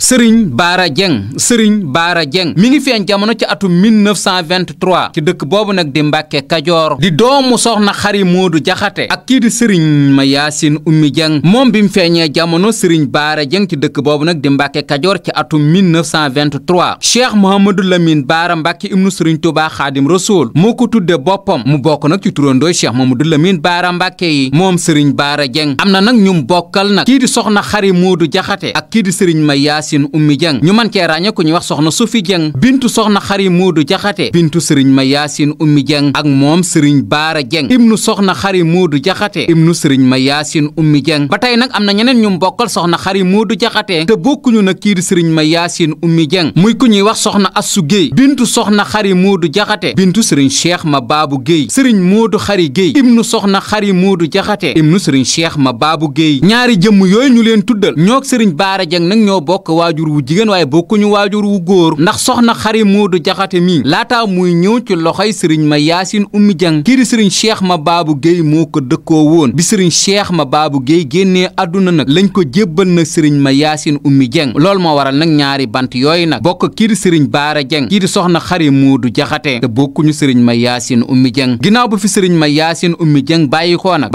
Sëriñ Baara Dieng Sëriñ Baara jeng mi ngi feeñ jamono ci atum 1923 ci dëkk boobu nag di Mbàkke Kajoor di doomu soxna Xari Moodu Jaxate ak kii di Sëriñ Ma Yaasin Ummi Dieng moom bi mu feeñee jamono Sëriñ Baara Dieng ci dëkk boobu nag di Mbàkke Kajoor ci atum 1923 Cheikh Mouhamadou Lamine Baara Mbàkke ibnu Sëriñ Tuubaa Xaadim Rasuul moo ko tudde boppam mu bokk nag ci turandooy Cheikh Mouhamadou Lamine Baara Mbàkke yi moom Sëriñ Baara jeng am na nag ñum bokkal nag kii di Xari Moodu Jaxate ak kii di Sëriñ Ma Yacine Oumy Dieng ñu mën cee ràññee ku ñuy wax soxna Sophie Dieng bintu soxna xari Moodu Jaxate bintu sëriñ ma Yacine Oumy Dieng ak moom sëriñ Baara Dieng ibnu soxna xari Moodu Jaxate ibnu sëriñ ma Yacine Oumy Dieng ba tey nag am na ñeneen ñu mbokkal soxna xari Moodu Jaxate te bokkuñu na kii di sëriñ ma Yacine Oumy Dieng muy ku ñuy wax soxna Assu Géey bintu soxna xari Moodu Jaxate bintu sëriñ Cheikh ma Baabu Géey sëriñ Moodu xari Géey ibnu soxna xari Moodu Jaxate ibnu sëriñ Cheikh ma Baabu Géey ñaari jëmm yooyu ñu leen tuddal ñook sëriñ Baara Dieng nag ñoo bokk waajur wu jigéen waaye bokkuñu waajur wu góor ndax soxna xari Moodu Jaxate mi laataa muy ñëw ci loxoy sëriñ ma yaasin ummi jang kii di sëriñ cheikh ma baabu géey moo ko dëkkoo woon bi sëriñ cheikh ma baabu géey génnee àdduna nag lañ ko jébbal nag sëriñ ma yaasin ummi jeng lool moo waral nag ñaari bant yooyu nag bokk kii di sëriñ baara jeng kii di soxna xari Moodu Jaxate bokkuñu sëriñ ma yaasin ummi jeng ginnaaw bu fi sëriñ ma yaasin ummi jeng bàyyi koo nag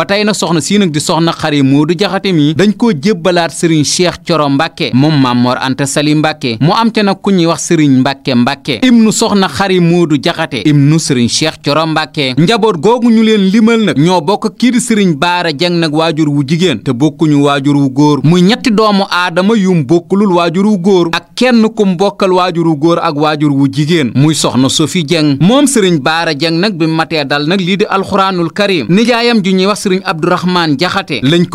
ba Mor Anta Sali Mbàkke mu am ca nag ku ñuy wax sëriñ Mbàkke Mbàkke ibnu soxna xari Moodu Jaxate ibnu sëriñ Cheikh Coro Mbàkke njaboot googu ñu leen limal nag ñoo bokk kii di sëriñ Baara Jeng nag waajur wu jigéen te bokkuñu waajur wu góor muy ñetti doomu aadama yum bokkulul waajur wu góor ak kenn kum bokkal waajur wu góor ak waajur wu jigéen muy soxna Sofi Jeng moom sëriñ Baara Jeng nag bi matee dal nag lii di alxuraanul karim nijaayam ju ñuy wax sëriñ Abdourahman Jaxate lañ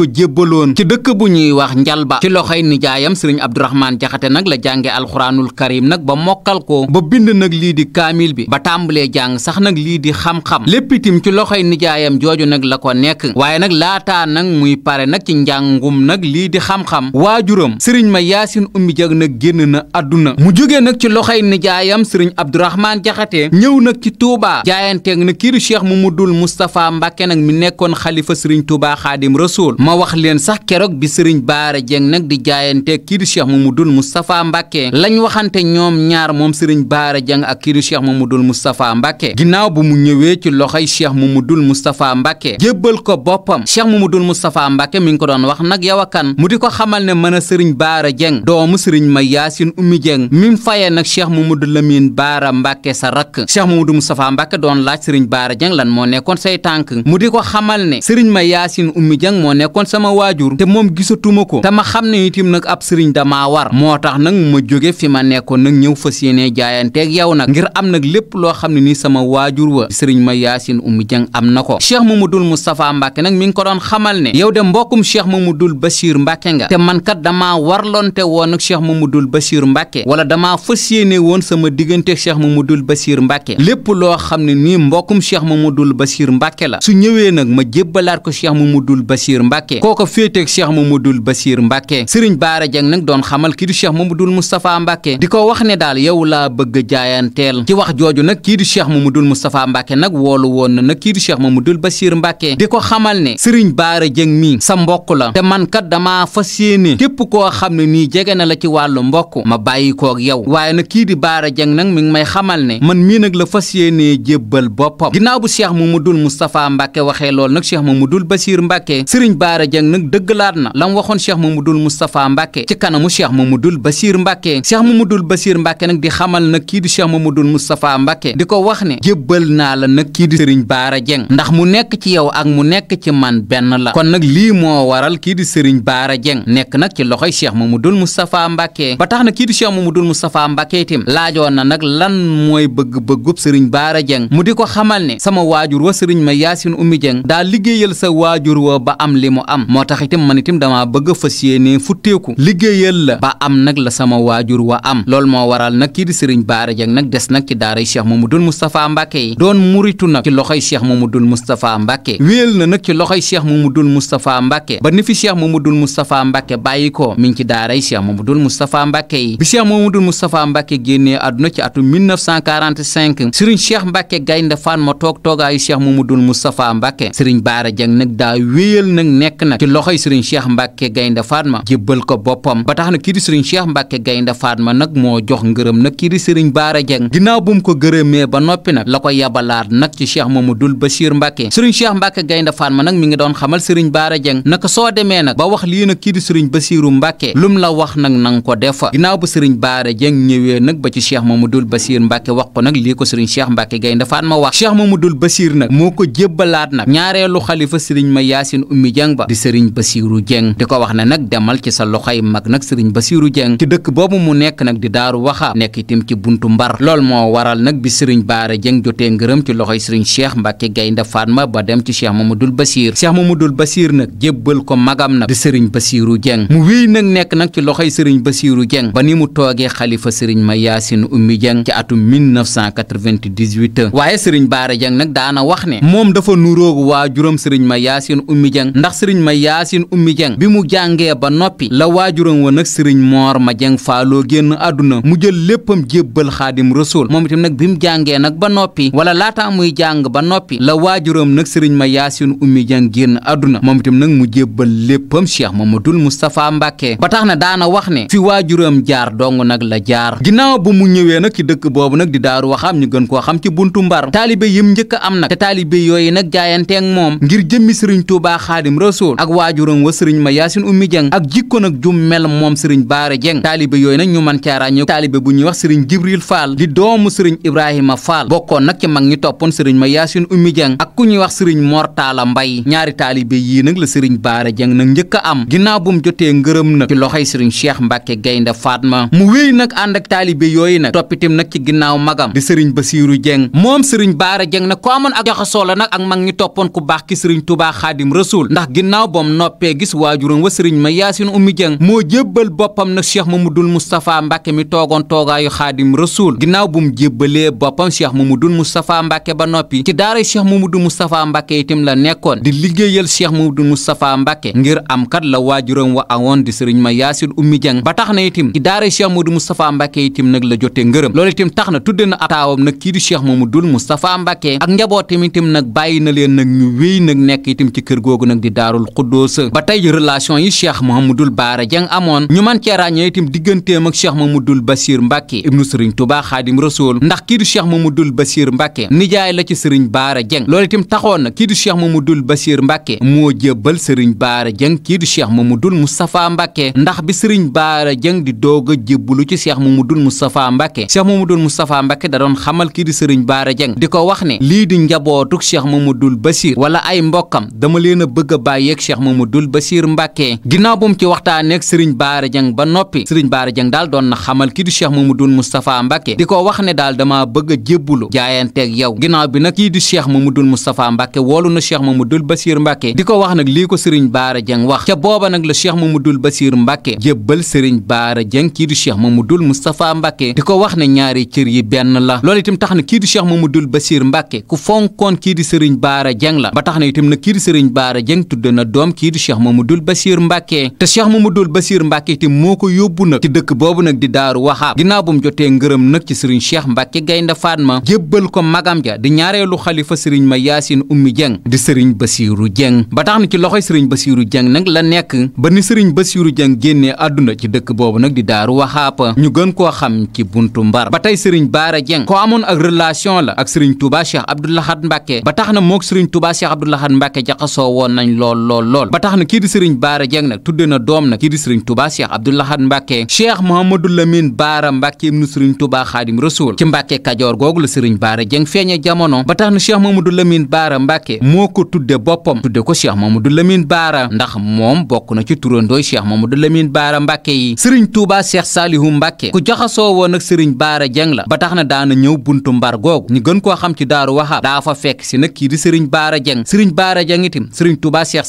Ousmane Jaxate nag la jànge alxuraanul karim nag ba mokkal ko ba bind nag lii di kaamil bi ba tàmbalee jàng sax nag lii di xam-xam lépp itam ci loxoy nijaayam jooju nag la ko nekk waaye nag laata nag muy pare nag ci njàngum nag lii di xam-xam waajuram sëriñ ma yaasin ummi jag nag génn na àdduna mu jógee nag ci loxoy nijaayam sëriñ Abdourahmane Jaxate ñëw nag ci Touba jaayanteeg na kii di cheikh Mamadul Moustapha Mbàkke nag mi nekkoon xalifa sëriñ Touba Xaadim Rasuul ma wax leen sax keroog bi Mamadul Moustapha Mbacke lañ waxante ñoom ñaar moom sëriñ Baara Jang ak kii di cheikh Mamadul Moustapha Mbacke ginnaaw bu mu dul ci loxoy cheikh Mamadul Moustapha Mbacke jébbal ko boppam cheikh Mamadul Moustapha Mbacke mi ngi ko doon wax nag yow akan mu di ko xamal ne mën a sëriñ Baara Jang doomu sëriñ ma Yaasin Umi Jeng mi mu fayee nag cheikh Mamadou Lamine Baara Mbacke sa rakk cheikh Mamadul Moustapha Mbacke doon laaj sëriñ Baara Jang lan moo nekkoon say tànk mu di ko xamal ne sëriñ ma Yaasin Umi Jeng moo nekkoon sama waajur te moom gisatuma ko te xam ne itim nag ab sëriñ war moo tax nag ma jóge fi ma nekkoon nag ñëw fas yéene jaayanteeg yow nag ngir am nag lépp loo xam ne nii sama waajur wa sëriñ ma yaasin umu jëng am na ko cheikh mu moustapha mbàkke nag mi ngi ko doon xamal ne yow de mbokkum mu dul bachir mbàkke nga te man kat damaa warlonte woon ak cheikh mamadul bachir mbàkke wala damaa fas yéene woon sama digganteeg cheikh mamadul bachir mbàkke lépp loo xam ne nii mbokkum cheikh mamadul bachir mbàkke la su ñëwee nag ma jébbalaat ko cheikh mu mu dul kooko féeteeg cheikh mamadul bachir mbàkke sëriñ amal kii di cheikh mamadul moustapha mbàkke di ko wax ne daal yow laa bëgg jaayanteel ci wax jooju nag kii di cheikh mamadul moustapha mbàkke nag woolu woon na nag kii di cheikh mamadul basiir mbàkke di ko xamal ne sëriñ baara jëng mi sa mbokk la te man kat dama fas yéene képp koo xam ne nii jege na la ci wàllu mbokk ma bàyyi koog yaw waaye nag kii di baara jëng nag mi ngi may xamal ne man mii nag la fas yéene jébbal boppam ginnaaw bu cheikh mamadul moustapha mbàkke waxee loolu nag cheikh mamadul basiir mbàkke sëriñ baara jëng nag dëggalaat na lam waxoon cheikh mamadul moustapha mbàkke ci kanamu cheikh Mamadou Bassir Mbacke Cheikh dul Bassir Mbacke nag di xamal nag kii di Cheikh mu Moustapha Mbacke di ko wax ne jébbal naa la nag kii di Serigne baara Dieng ndax mu nekk ci yow ak mu nekk ci man benn la kon nag lii moo waral kii di Serigne baara Dieng nekk nag ci loxoy Cheikh mu safaa Mbacke ba tax na kii di Cheikh Mamadou Moustapha Mbacke itam laajoon na nag lan mooy bëgg-bëggub sëriñ baara Dieng mu di ko xamal ne sama waajur wa Serigne ma Yacine Oumy Dieng daa liggéeyal sa waajur wa ba am li mu am moo tax itam man itam dama bëgg fas yéene laa am nag la sama waajur wa am loolu moo waral nag kii di sëriñ Baara Dieng nag des nag ci daaray cheikh Mamadul Moustapha Mbacke yi doon muritu nag ci loxoy cheikh Mamadul Moustapha Mbacke wéel na nag ci loxoy cheikh Mamadul Moustapha Mbacke ba ni fi cheikh Mamadul Moustapha Mbacke bàyyi ko mi ngi ci daaray cheikh Mamadul Moustapha Mbacke yi bi cheikh Mamadul Moustapha Mbacke génnee àdduna ci atum 1945 sëriñ cheikh Mbacke gaynde fan ma toog toogaayu cheikh Mamadul Moustapha Mbacke sëriñ Baara Dieng nag daa wéel nag nekk nag ci loxoy sëriñ cheikh Mbacke gaynde fan ma jébbal ko boppam bi sëriñ Cheikh Mbacke Gaynde Fatma nag moo jox ngërëm nag kii di sëriñ Baara Dieng ginnaaw bu mu ko gërëmee ba noppi nag la ko yabalaat nag ci Cheikh Mamadou Bachir Mbacke sëriñ Cheikh Mbacke Gaynde Fatma nag mi ngi doon xamal sëriñ Baara Dieng naka soo demee nag ba wax lii nag kii di sëriñ Bachiru Mbacke lum la wax nag nang ko def ginnaaw bu sëriñ Baara Dieng ñëwee nag ba ci Cheikh Mamadou Bachir Mbacke wax ko nag lii ko sëriñ Cheikh Mbacke Gaynde Fatma wax Cheikh Mamadou Bachir nag moo ko jébbalaat nag ñaareelu xalifa sëriñ ma Yaasin Ummi Dieng ba di sëriñ Bachiru Dieng di ko wax ne nag demal ci sa loxoy mag nag sëriñ Bachir Bassirou Dieng ci dëkk boobu mu nekk nag di daaru waxa nekk itam ci buntu mbar loolu moo waral nag bi sëriñ Baara Dieng jotee ngërëm ci loxoy sëriñ Cheikh Mbacke Gaynde Fatma ba dem ci Cheikh Mamadou Bassir Cheikh Mamadou Bassir nag jébbal ko magam nag di sëriñ Bassirou Dieng mu wéy nag nekk nag ci loxoy sëriñ Bassirou Dieng ba ni mu toogee xalifa sëriñ ma Yaasin Ummi Dieng ci atum waaye sëriñ Baara Dieng nag daana wax ne moom dafa nuroog waajuram sëriñ ma Yaasin Ummi Dieng ndax sëriñ ma Yaasin Ummi Dieng bi sëriñ moor ma jeng faaloo génn àdduna mu jël léppam jébbal xaadim rasul moom itam nag bi mu jàngee nag ba noppi wala laataa muy jàng ba noppi la waajuram nag sëriñ ma yaasin ummi jang génn àdduna moom itam nag mu jébbal léppam cheikh mamadul moustapha mbàkke ba tax na daana wax ne fi waajuram jaar dong nag la jaar ginnaaw bu mu ñëwee nag ci dëkk boobu nag di daaru waxaam ñu gën koo xam ci buntu mbar taalibe yim njëkk am nag te taalibe yooyu nag jaayanteeg moom Baara Dieng taalibe yooyu nag ñu mën caa ràññee taalibe bu ñuy wax sëriñ Jibril Fall di doomu sëriñ Ibrahima Fall bokkoon nag ci mag ñi toppoon sëriñ ma Yaasin Ummi Dieng ak ku ñuy wax sëriñ Mortala Mbay ñaari taalibe yii nag la sëriñ Baara Dieng nag njëkk a am ginnaaw bu mu jotee ngërëm nag ci loxoy sëriñ Cheikh Mbacke Gaynde Fatma mu wéy nag ànd ak taalibe yooyu nag toppitim nag ci ginnaaw magam di sëriñ Basiiru Dieng moom sëriñ Baara Dieng nag ko amoon ak jaxasoo la ak mag ñi toppoon ku baax ki sëriñ Touba Xaadim Rasuul ndax ginnaaw boom noppee gis waajuram wa sëriñ ma Yaasin boppam nag cheikh mamadul moustapha mbàkke mi toogoon toogaayu xaadim rasuul ginnaaw bu mu jébbalee boppam cheikh mamadul moustapha mbàkke ba noppi ci daaray cheikh mamadul moustapha mbàkke itam la nekkoon di liggéeyal cheikh mamadul moustapha mbàkke ngir am kat la waajuram wa awoon di sëriñ ma yaasin ummi jang ba tax na itam ci daaray cheikh mamadul moustapha mbàkke itam nag la jotee ngërëm loolu itam tax na tudd na ataawam nag kii di cheikh mamadul moustapha mbàkke ak njabootam itam nag bàyyi na leen nag ñu wéy nag nekk itam ci kër googu nag di daarul xuddoos ba tey relation yi cheikh mahamadul baara jang amoon ñu man cee ràññee itam digganteem ak cheikh mamadul basir mbàkke ibnu sëriñ tubaa xaadim rasool ndax kii du cheikh mamadul basir mbàkke nijaay la ci sëriñ baara jëng loolu itam taxoon na kii du cheikh mamadul basir mbàkke moo jébbal sëriñ baara jëng kii du cheikh mamadul moustapha mbàkke ndax bi sëriñ baara jëng di doog a jébbalu ci cheikh mamadul moustapha mbàkke cheikh mamadul moustapha mbàkke da doon xamal kii di sëriñ baara jëng di ko wax ne lii di njabootuk cheikh mamadul basir wala ay mbokkam dama leen a bëgg a bàyyeeg cheikh mamadul mu ci waxtaanee ak jàng ba noppi sëriñ Bara Dieng daal doon na xamal kii di cheikh Mamadou Moustapha Mbacke di ko wax ne daal dama bëgg a jébbulu jaayanteeg yow ginnaaw bi nag kii di cheikh Mamadou Moustapha Mbacke woolu na cheikh Mamadou Bassir Mbacke di ko wax nag lii ko sëriñ Bara Dieng wax ca booba nag la cheikh Mamadou Bassir Mbacke jébbal sëriñ Bara Dieng kii di cheikh Mamadou Moustapha Mbacke di ko wax ne ñaari cër yi benn la loolu itam tax na kii di cheikh dul Bassir mbakke ku fonkoon kii di sëriñ Bara Dieng la ba tax na itam nag kii di sëriñ Bara tudd na doom kii di cheikh Mamadou Bassir Mbacke te cheikh moo ko yóbbu nag ci dëkk boobu nag di daaru waxaab ginnaaw bu mu jotee ngërëm nag ci sëriñ cheikh mbàkke gaynde fatma jébbal ko magam ja di ñaareelu xalifa sëriñ ma yaasin ummi jeng di sëriñ basiiru jeng ba tax na ci loxoy sëriñ basiiru jeng nag la nekk ba ni sëriñ basiiru jeng génne àdduna ci dëkk boobu nag di daaru waxaab ñu gën koo xam ci buntu mbar ba tey sëriñ baara jeng ko amoon ak relation la ak sëriñ touba cheikh abdoulahat mbàkke ba tax na mook sëriñ touba cheikh abdoulahat mbàkke jaxasoo woon nañ lool lool lool ba tax na kii di sëriñ baara jeng nag tudde na doom nag kii di sëriñ touba cheikh Abdou Lahad Mbacke Cheikh Mouhamadou Lamine Baara Mbacke ibnu Serigne Touba Khadim Rasoul ci Mbacke Kajoor googu la Serigne Baara Dieng feeñe jamono ba tax na Cheikh Mouhamadou Lamine Baara Mbacke moo ko tudde boppam tudde ko Cheikh Mouhamadou Lamine Baara ndax moom bokk na ci turandooy Cheikh Mouhamadou Lamine Baara Mbacke yi Serigne Touba Cheikh Salihu Mbacke ku jaxasoo woon ak sëriñ Baara Dieng la ba tax na daana ñëw buntu mbar googu ñu gën koo xam ci daaru waxaab daa fa si nag kii di Serigne Baara Dieng Serigne Baara Dieng itim Serigne Touba Cheikh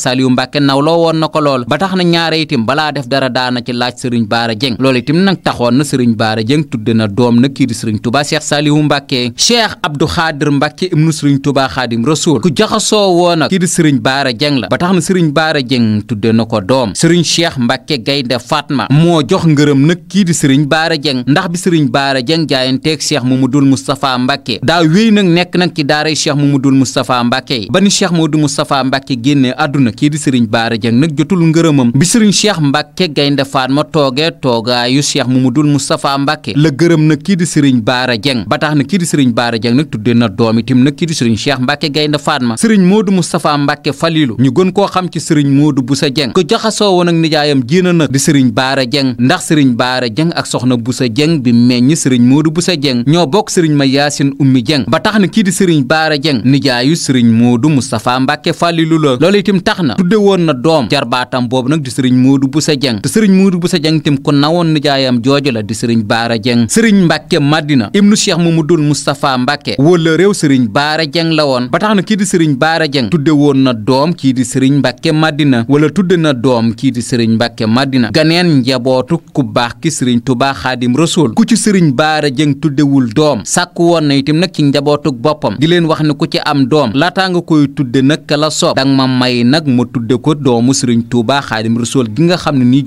na laaj sëriñ Baara Dieng loolu itam nag taxoon na sëriñ Baara Dieng tudde na doom na kii di sëriñ Touba Cheikh Salihu Mbacke Cheikh Abdou Khadir Mbacke ibnu sëriñ Touba Khadim Rasoul ku jaxasoo woon nag kii di sëriñ Baara Dieng la ba tax na sëriñ Baara Dieng tudde na ko doom sëriñ Cheikh Mbacke Gaynde Fatma moo jox ngërëm nag kii di sëriñ Baara Dieng ndax bi sëriñ Baara Dieng jaayanteeg mu Mamadou Moustapha Mbacke daa wéy nag nekk nag ci daaray Cheikh mu mu dul ba ni Cheikh Mamadou Moustapha Mbacke génnee àdduna kii di sëriñ Baara Dieng nag jotul ngërëmam bi ma toogee toogaayu cheikh mamadul moustapha mbàkke la gërëm na kii di sëriñ baara jeng ba tax na kii di sëriñ baara jeng nag tudde na doom itam nag kii di sëriñ cheikh mbàkke gaynde faatma sëriñ moodu moustapha mbàkke falilu ñu gën koo xam ci sëriñ moodu busa jeng ko jaxasoo woon ak nijaayam jiina nag di sëriñ baara jeng ndax sëriñ baara jeng ak soxna busa jeng bi meññ sëriñ moodu busa jeng ñoo bokk sëriñ ma yaasin ummi jeng ba tax na kii di sëriñ baara jeng nijaayu sëriñ moodu moustapha mbàkke falilu la loolu itam tax na tudde woon na doom jarbaatam boobu nag di sëriñ moodu busa jeng te sëriñ moodu Busa Jeng tim na woon nijaayam jooju la di sëriñ Baara Jeng sëriñ Mbàkke Madina ibnu Cheikh Mamadul Moustapha Mbàkke wala réew sëriñ Baara Jeng la woon ba tax na kii di sëriñ Baara Jeng tudde woon na doom kii di sëriñ Mbàkke Madina wala tudde na doom kii di sëriñ Mbàkke Madina ganeen njabootu ku baax ki sëriñ Tuubaa Xaadim Rasuul ku ci sëriñ Baara Jeng tuddewul doom sàkku woon na itam nag ci njabootuk boppam di leen wax ne ku ci am doom laataa nga koy tudde nag la soob ma may nag ma tudde ko doomu sëriñ Tuubaa Xaadim Rasuul gi xam ne nii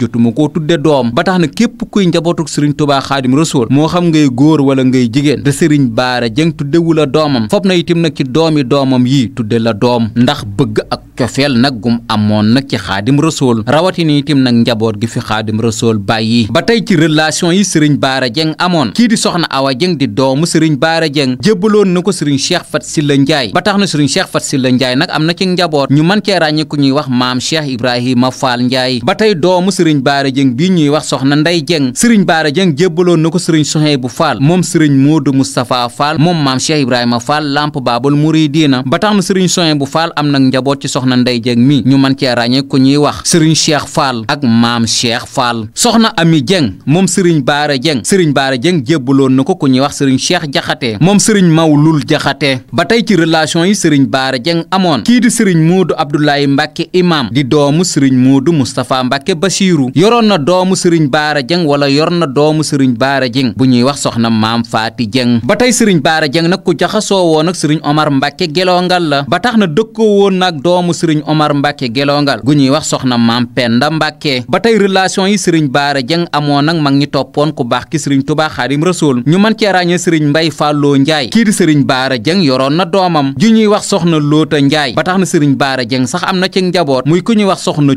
tudde doom ba tax na képp kuy njabootuk sëriñ tubaa xaadim rasul moo xam ngay góor wala ngay jigéen te sëriñ baara jëng tuddewu la doomam fob na itim nag ci doomi doomam yi tudde la doom ndax bëgg ak cofeel nag gum amoon nag ci xaadim rasool rawatina itam nag njaboot gi fi xaadim rasool bàyyi ba tey ci relation yi sëriñ Baara Dieng amoon kii di soxna Awa Dieng di doomu sëriñ Baara Dieng jébbaloon na ko sëriñ Cheikh Fat Silla Ndiaye ba tax na sëriñ Cheikh Fat Silla Ndiaye nag am na ci njaboot ñu man cee ràññee ku ñuy wax maam Cheikh Ibrahima faal Ndiaye ba tey doomu sëriñ Baara Dieng bii ñuy wax soxna Ndey Dieng sëriñ Baara Dieng jébbaloon na ko sëriñ Souhaïbou Fall moom sëriñ Modou moom maam Cheikh Ibrahima Fall lamp Baabul Muridiina ba tax na sëriñ soxna Ndey Dieng mi ñu mën cee ràññee ku ñuy wax sëriñ Cheikh Fall ak maam Cheikh Fall soxna Ami Dieng moom sëriñ Baara Dieng sëriñ Baara Dieng jébbaloon na ko ku ñuy wax sëriñ Cheikh Jaxate moom sëriñ Mawlul Jaxate ba tey ci relation yi sëriñ Baara Dieng amoon kii di sëriñ Moodu Abdoulaye Mbacke imam di doomu sëriñ Moodu Moustapha Mbacke Basiiru yoroon na doomu sëriñ Baara Dieng wala yor na doomu sëriñ Baara Dieng bu ñuy wax soxna maam Faati Dieng ba tey sëriñ na dëkkoo woon nag doomu sëriñ Omar Mbacke gelongal gu ñuy wax soxna maam Penda Mbacke ba tey relation yi sëriñ Baara Jeng amoon nag mag ñi toppoon ku baax ki sëriñ Touba Xaadim Rasoul ñu mën cee ràññee sëriñ Mbay Fàlloo Njaay kii di sëriñ Baara Jeng na doomam ju ñuy wax soxna Loota ba tax na am na ci njaboot muy ku ñuy wax soxna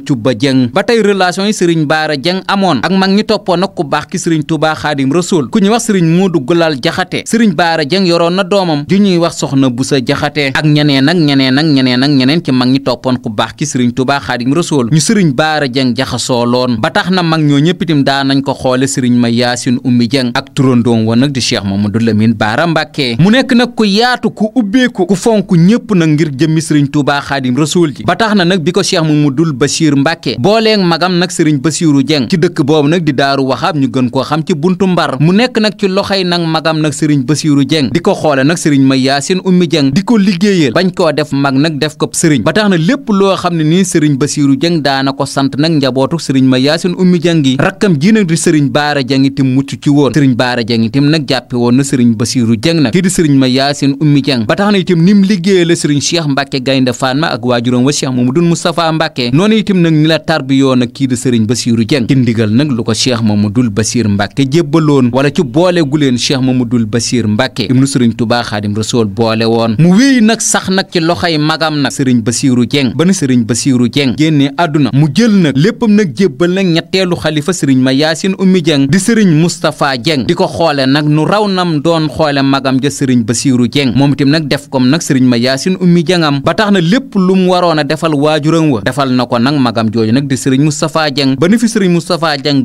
ba tey relation yi sëriñ Baara Jeng amoon ak mag ñi toppoon nag ku baax ki sëriñ Touba Xaadim Rasoul ku ñuy wax sëriñ Muudu Gulal Jaxate sëriñ Baara Jeng yoroon na doomam ju ñuy wax soxna Busa Jaxate ak ñeneen ak ñeneen ak ñeneen ak ñeneen ci mag ñi toppoon ku baax ki sëriñ tubaa xaadim rasool ñu sëriñ baara jeng jaxasoo loon ba tax na mag ñoo ñëpp itam daanañ ko xoole sëriñ ma yaasin ummi jeng ak turandoom wa nag di cheikh mamadou lamine baara mbàkke mu nekk nag ku yaatu ku ubbeeku ku fonk ñëpp nag ngir jëmmi sëriñ tubaa xaadim rasool ji ba tax na nag bi ko cheikh mamadul bachir mbàkke booleeg magam nag sëriñ basiru jeng ci dëkk boobu nag di daaru waxaab ñu gën koo xam ci buntu mbar mu nekk nag ci loxoy nag magam nag sëriñ basiru jeng di ko xoole nag sëriñ ma yaasin ummi jeng di ko liggéeyal bañ koo def mag nag def ko sëriñ lépp loo xam ne nii sëriñ Basiiru Jeng daana ko sant nag njabootu sëriñ ma yaasin ummi jang yi rakkam ji nag di sëriñ baara jang itam mucc ci woon sëriñ baara jang itam nag jàppe woon na sëriñ Basiiru Jeng nag kii di sëriñ ma yaasin ummi jang ba tax na itam ni mu liggéeye la sëriñ Cheikh Mbàkke Gaynde Fatma ak waajuram wa Cheikh Mamadou Moustapha Mbàkke noonu itam nag ni la tarbiyoo nag kii di sëriñ Basiiru Jeng ci ndigal nag lu ko Cheikh Mamadou Basiir Mbàkke jébbaloon wala ci boole gu leen Cheikh Mamadou Basiir Mbàkke ibnu sëriñ Tuubaa Xaadim Rasuul boole woon mu wéy nag sax nag ci loxoy magam nag sëriñ Basiiru Dieng ba na sëriñ Basiiru Dieng génnee àdduna mu jël nag léppam nag jébbal nag ñetteelu xalifa sëriñ ma Yaasin Ummi Dieng di sëriñ Moustapha di ko xoole nag nu raw nam doon xoole magam ja sëriñ Basiiru Dieng moom itam nag def kom nag sëriñ ma Yaasin Ummi ba tax na lépp lu mu waroon a defal waajuram wa defal na ko nag magam jooju nag di sëriñ Moustapha Dieng ba na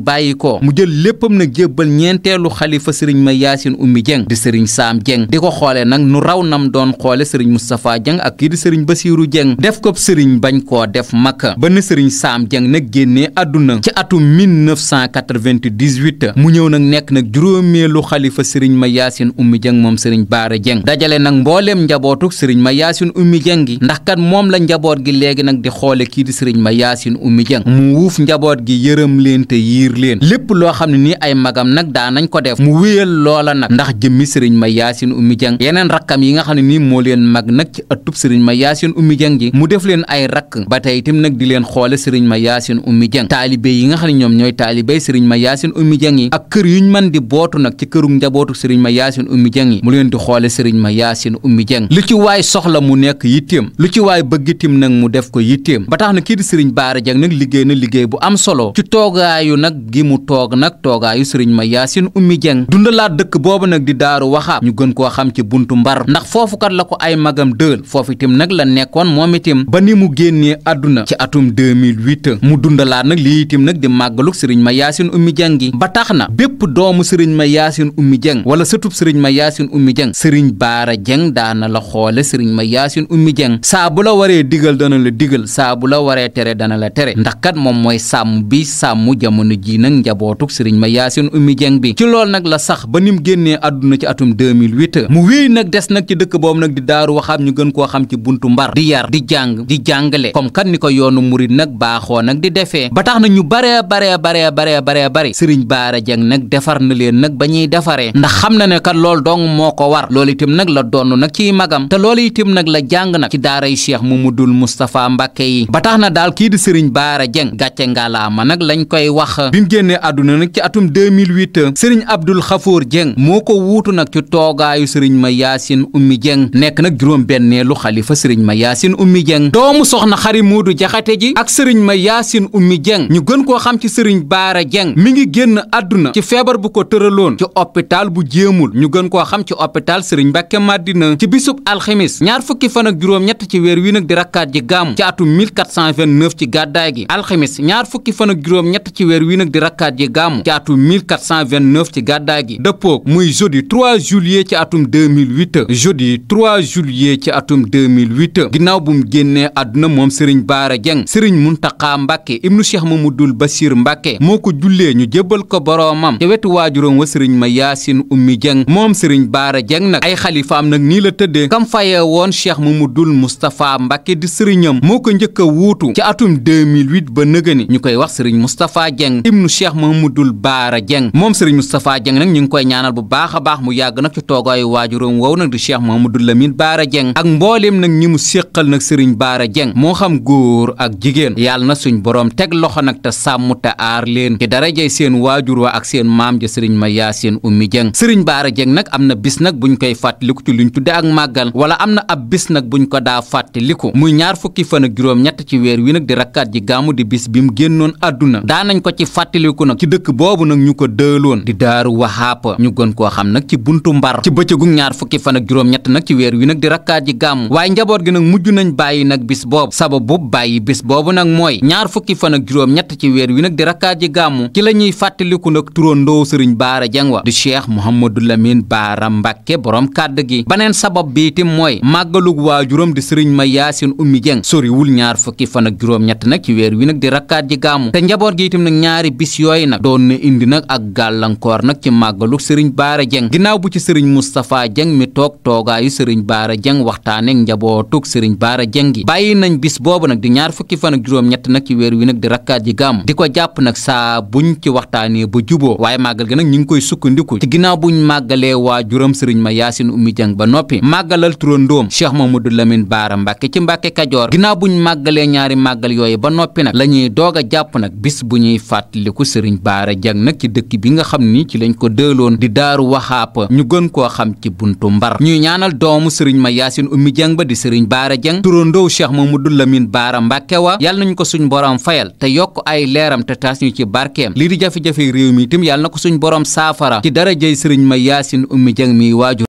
bàyyi ko mu jël léppam nag jébbal ñeenteelu xalifa sëriñ ma Yaasin Ummi Dieng di sëriñ Saam Dieng di ko xoole nag nu raw nam doon xoole sëriñ Moustapha Dieng ak kii di sëriñ Basiiru Dieng def ko soob sëriñ bañ koo def makka benn sëriñ saam jeng nag génnee àdduna ci atum 1998 mu ñëw nag nekk nag juróomeelu xalifa sëriñ ma yaasin ummi jeng moom sëriñ baara jeng dajale nag mbooleem njabootuk sëriñ ma yaasin ummi jeng gi ndax kat moom la njaboot gi léegi nag di xoole kii di sëriñ ma yaasin ummi jeng mu wuuf njaboot gi yërëm leen te yiir leen lépp loo xam ne nii ay magam nag daanañ ko def mu wéyal loola nag ndax jëmmi sëriñ ma yaasin ummi jeng yeneen rakkam yi nga xam ne nii moo leen mag nag ci ëttub sëriñ ma yaasin ummi jeng ji mu def def leen ay rakk ba tey itam nag di leen xoole sëriñ ma yaasin ummi jëng taalibe yi nga xam ne ñoom ñooy taalibey sëriñ ma yaasin ummi jëng yi di bootu nag ci këru njabootu sëriñ ma mu leen di xoole sëriñ ma yaasin ummi jëng lu ci waay soxla mu nekk yitteem lu ci waay bëggitim nag mu def ko yitteem ba tax na kii di sëriñ baara jëng nag liggéey na liggéey bu am solo ci toogaayu nag gi mu toog nag toogaayu sëriñ ma yaasin ummi jëng dundalaat dëkk boobu nag di daaru waxaab ñu gën koo xam ci buntu mbar ndax foofu kat la ko ay magam dëël foofu ba ni mu génnee àdduna ci atum 2008 mu dundalaat nag lii itam nag di màggaluk sëriñ ma yaasin ummi jeng gi ba tax na bépp doomu sëriñ ma yaasin ummi jeng wala sëtub sëriñ ma yaasin ummi jeng sëriñ baara jeng daana la xoole sëriñ ma yaasin ummi jeng saa bu la waree digal dana la digal saa bu la waree tere dana la tere ndax kat moom mooy sàmm bi sàmm jamono ji nag njabootuk sëriñ ma yaasin ummi jeng bi ci lool nag la sax ba ni mu génnee àdduna ci atum 2008 mu wéy nag des nag ci dëkk boobu nag di daaru waxaam ñu gën koo xam ci buntu mbar di di jàng jàng di jàngale comme kan ni ko yoonu murit nag baaxoo nag di defee ba tax na ñu baree baree bare baree baree bari sëriñ Baara Jeng nag defar na leen nag ba ñuy defaree ndax xam na ne kat lool dong moo ko war loolu itam nag la donn nag ci magam te loolu itam nag la jàng nag ci daaray mu Mamadou Moustapha Mbacké yi ba tax na daal kii di sëriñ Baara Jeng gàcce ngalaama nag lañ koy wax bi mu jénnee àdduna nag ci atum 2008 sëriñ Abdul Xafoor Jeng moo ko wuutu nag ci toogaayu sëriñ ma Yaasin Ummi Jeng nekk nag juróom Dieng doomu soxna xari Moodu Jaxate ji ak sëriñ ma Yaasin Ummi Dieng ñu gën koo xam ci sëriñ Baara Dieng mi ngi génn àdduna ci feebar bu ko tëraloon ci hôpital bu jéemul ñu gën koo xam ci hôpital sëriñ Mbàkke Madina ci bisub alxemis ñaar fukki fan ak juróom-ñett ci weer wi nag di rakkaat ji gàmm ci atum 1429 ci gàddaay gi alxemis ñaar fukki fan ak juróom-ñett ci weer wi nag di rakkaat ji gàmm ci atum 1429 ci gàddaay gi dëppoog muy jeudi 3 juillet ci atum 2008 ju 3 juillet ci atum 2008 ginnaaw bu mu génn génnee àdduna moom sëriñ baara jeng sëriñ muntaxa mbàkke ibnu cheikh mamadul basir mbakke moo ko jullee ñu jébbal ko boroomam ca wetu waajuróom wa sëriñ ma yaasin ummi jeng moom sëriñ baara jeng nag ay xalifaam nag nii la tëddee kam fayee woon cheikh mamadul mustapha mbàkke di sëriñam moo ko njëkk a wuutu ci atum 2008 ba nëgëni ñu koy wax sëriñ mustapha jeng ibnu cheikh mamadul baara jeng moom sëriñ mustapha jeng nag ñu ngi koy ñaanal bu baax a baax mu yàgg nag ci toogaayu waajuróom wow nag di cheikh mamadul lamin baara jeng ak mbooleem nag ñi mu séqal nag sëriñ Baara Jeng moo xam góor ak jigéen yàlla na suñ boroom teg loxo nag te sàmm te aar leen ci darajay seen waajur wa ak seen maam ja sëriñ ma yaasin ummi jeng sëriñ baar Jeng nag am na bis nag bu buñ koy fàttaliku ci luñ tudde ak màggal wala am na ab bis nag bu ñu ko daa fàttaliku muy ñaar fukki fan ak juróom-ñett ci weer wi nag di rakkaat ji gàmmu di bis bi mu génnoon àdduna daanañ ko ci fàttaliku nag ci dëkk boobu nag ñu ko dëeloon di daaru waxaapa ñu gën koo xam nag ci buntu mbar ci bëccëgu ñaar fukki fan ak nag ci weer wi nag di rakkaat nag bis boobu sababu bàyyi bis boobu nag mooy ñaar fukki fan ak juróom ñett ci weer wi nag di rakkaat ji gàmmu ci la ñuy fàttaliku nag turandoo sëriñ baara jeng wa du cheikh mouhamadou lamine baara mbàkke borom kàdd gi baneen sabab bi mooy màggalug waajuram di sëriñ ma yaasin ummi jeng soriwul ñaar fukki fan ak juróom ñett nag ci weer wi nag di rakkaat ji gàmmu te njaboot gi itam nag ñaari bis yooy nag doon na indi nag ak gàllankoor nag ci màggalug sëriñ baara jeng ginnaaw bu ci sëriñ moustapha jeng mi toog toogaayu sëriñ baara jeng waxtaane njabootuk sëriñ baara jeng gi yi bàyyi nañ bis boobu nag di ñaar fukki fan ak juróom-ñett nag ci weer wi nag di rakkaat ji gàmm di ko jàpp nag saa buñ ci waxtaanee ba juboo waaye màggal gi nag ñu ngi koy sukkandiku ci ginnaaw buñ màggalee waa juróom sëriñ ma yaasin ummi jang ba noppi màggalal turandoom ma mamadou lamine baara mbàkke ci mbàkke kajoor ginnaaw buñ màggalee ñaari màggal yooyu ba noppi nag la ñuy doog jàpp nag bis bu ñuy fàttaliku sëriñ baara jang nag ci dëkk bi nga xam ni ci lañ ko dëeloon di daaru waxaapa ñu gën koo xam ci buntu mbar ñuy ñaanal doomu sëriñ ma yaasin ummi jang ba di sëriñ baara jang turandoo cheikh mamadul lamin baara mbàkke wa yàlla nañu ko suñ borom fayal te yokk ay leeram te taas ñu ci barkeem lii di jafe-jafe réew mi itam yàlla na ko suñ borom saafara ci darajey sëriñ ma yaasin ummi jang mi waajur